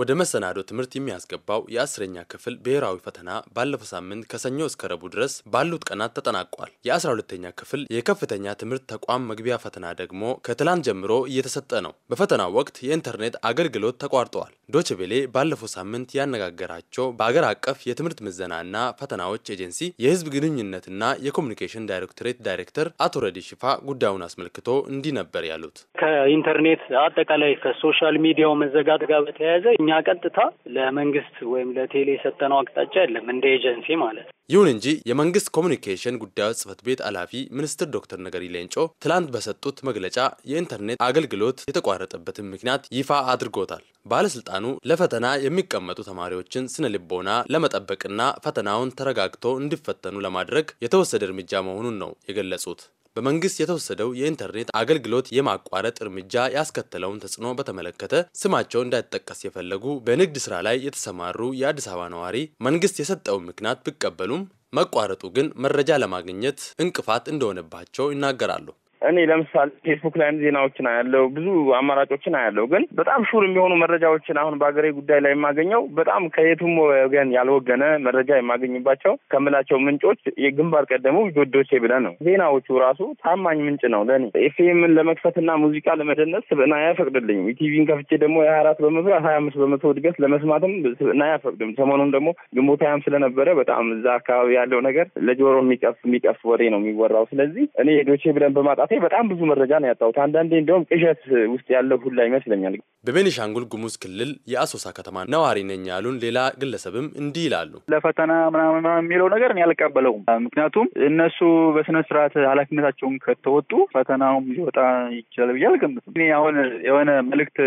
ወደ መሰናዶ ትምህርት የሚያስገባው የአስረኛ ክፍል ብሔራዊ ፈተና ባለፈው ሳምንት ከሰኞ እስከ ረቡዕ ድረስ ባሉት ቀናት ተጠናቋል። የአስራ ሁለተኛ ክፍል የከፍተኛ ትምህርት ተቋም መግቢያ ፈተና ደግሞ ከትላንት ጀምሮ እየተሰጠ ነው። በፈተናው ወቅት የኢንተርኔት አገልግሎት ተቋርጠዋል። ዶች ቬሌ ባለፈው ሳምንት ያነጋገራቸው በአገር አቀፍ የትምህርት ምዘናና ፈተናዎች ኤጀንሲ የህዝብ ግንኙነትና የኮሚኒኬሽን ዳይሬክቶሬት ዳይሬክተር አቶ ረዲ ሽፋ ጉዳዩን አስመልክቶ እንዲህ ነበር ያሉት። ከኢንተርኔት አጠቃላይ ከሶሻል ሚዲያው መዘጋት ጋር በተያያዘ እኛ ቀጥታ ለመንግስት ወይም ለቴሌ የሰጠነው አቅጣጫ የለም እንደ ኤጀንሲ ማለት ነው። ይሁን እንጂ የመንግስት ኮሚኒኬሽን ጉዳዮች ጽህፈት ቤት ኃላፊ ሚኒስትር ዶክተር ነገሪ ሌንጮ ትላንት በሰጡት መግለጫ የኢንተርኔት አገልግሎት የተቋረጠበትን ምክንያት ይፋ አድርጎታል። ባለስልጣ መመጣጠኑ ለፈተና የሚቀመጡ ተማሪዎችን ስነ ልቦና ለመጠበቅና ፈተናውን ተረጋግቶ እንዲፈተኑ ለማድረግ የተወሰደ እርምጃ መሆኑን ነው የገለጹት። በመንግስት የተወሰደው የኢንተርኔት አገልግሎት የማቋረጥ እርምጃ ያስከተለውን ተጽዕኖ በተመለከተ ስማቸው እንዳይጠቀስ የፈለጉ በንግድ ስራ ላይ የተሰማሩ የአዲስ አበባ ነዋሪ መንግስት የሰጠውን ምክንያት ቢቀበሉም መቋረጡ ግን መረጃ ለማግኘት እንቅፋት እንደሆነባቸው ይናገራሉ። እኔ ለምሳሌ ፌስቡክ ላይም ዜናዎችን አያለው፣ ብዙ አማራጮችን አያለው። ግን በጣም ሹር የሚሆኑ መረጃዎችን አሁን በሀገሬ ጉዳይ ላይ የማገኘው በጣም ከየቱም ወገን ያልወገነ መረጃ የማገኝባቸው ከምላቸው ምንጮች የግንባር ቀደሙ ጆዶቼ ብለን ነው። ዜናዎቹ ራሱ ታማኝ ምንጭ ነው ለእኔ። ኤፍኤምን ለመክፈትና ሙዚቃ ለመደነስ ስብዕና አያፈቅድልኝም። ኢቲቪን ከፍቼ ደግሞ የሀያ አራት በመቶ ሀያ አምስት በመቶ እድገት ለመስማትም ስብዕና አያፈቅድም። ሰሞኑን ደግሞ ግንቦት ስለነበረ በጣም እዛ አካባቢ ያለው ነገር ለጆሮ የሚቀፍ የሚቀፍ ወሬ ነው የሚወራው። ስለዚህ እኔ ዶቼ ብለን በማጣት በጣም ብዙ መረጃ ነው ያጣሁት። አንዳንዴ እንዲሁም ቅዠት ውስጥ ያለው ሁላ ይመስለኛል። በቤኒሻንጉል ጉሙዝ ክልል የአሶሳ ከተማ ነዋሪ ነኝ ያሉን ሌላ ግለሰብም እንዲህ ይላሉ። ለፈተና ምናምን የሚለው ነገር እኔ አልቀበለውም። ምክንያቱም እነሱ በስነ ስርዓት ኃላፊነታቸውን ከተወጡ ፈተናውም ሊወጣ ይችላል ብዬ አልገምትም። እኔ አሁን የሆነ መልእክት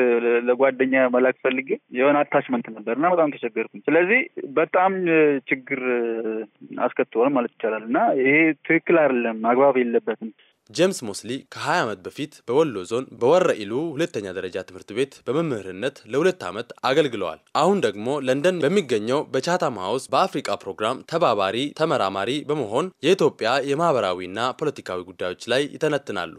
ለጓደኛ መላክ ፈልጌ የሆነ አታችመንት ነበር እና በጣም ተቸገርኩኝ። ስለዚህ በጣም ችግር አስከትሏል ማለት ይቻላል እና ይሄ ትክክል አይደለም፣ አግባብ የለበትም። ጄምስ ሞስሊ ከ20 ዓመት በፊት በወሎ ዞን በወረ ኢሉ ሁለተኛ ደረጃ ትምህርት ቤት በመምህርነት ለሁለት ዓመት አገልግለዋል። አሁን ደግሞ ለንደን በሚገኘው በቻታም ሀውስ በአፍሪካ ፕሮግራም ተባባሪ ተመራማሪ በመሆን የኢትዮጵያ የማህበራዊና ፖለቲካዊ ጉዳዮች ላይ ይተነትናሉ።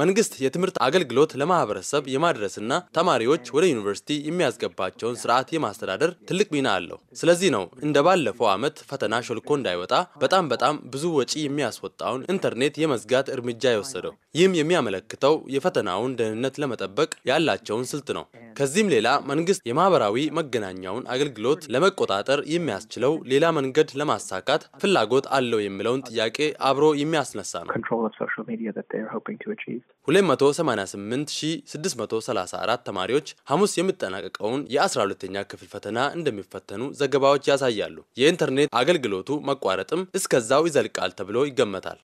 መንግስት የትምህርት አገልግሎት ለማህበረሰብ የማድረስና ተማሪዎች ወደ ዩኒቨርሲቲ የሚያስገባቸውን ስርዓት የማስተዳደር ትልቅ ሚና አለው። ስለዚህ ነው እንደ ባለፈው ዓመት ፈተና ሾልኮ እንዳይወጣ በጣም በጣም ብዙ ወጪ የሚያስወጣውን ኢንተርኔት የመዝጋት እርምጃ የወሰደው። ይህም የሚያመለክተው የፈተናውን ደህንነት ለመጠበቅ ያላቸውን ስልት ነው። ከዚህም ሌላ መንግስት የማህበራዊ መገናኛውን አገልግሎት ለመቆጣጠር የሚያስችለው ሌላ መንገድ ለማሳካት ፍላጎት አለው የሚለውን ጥያቄ አብሮ የሚያስነሳ ነው። 288634 ተማሪዎች ሐሙስ የሚጠናቀቀውን የ12ኛ ክፍል ፈተና እንደሚፈተኑ ዘገባዎች ያሳያሉ። የኢንተርኔት አገልግሎቱ መቋረጥም እስከዛው ይዘልቃል ተብሎ ይገመታል።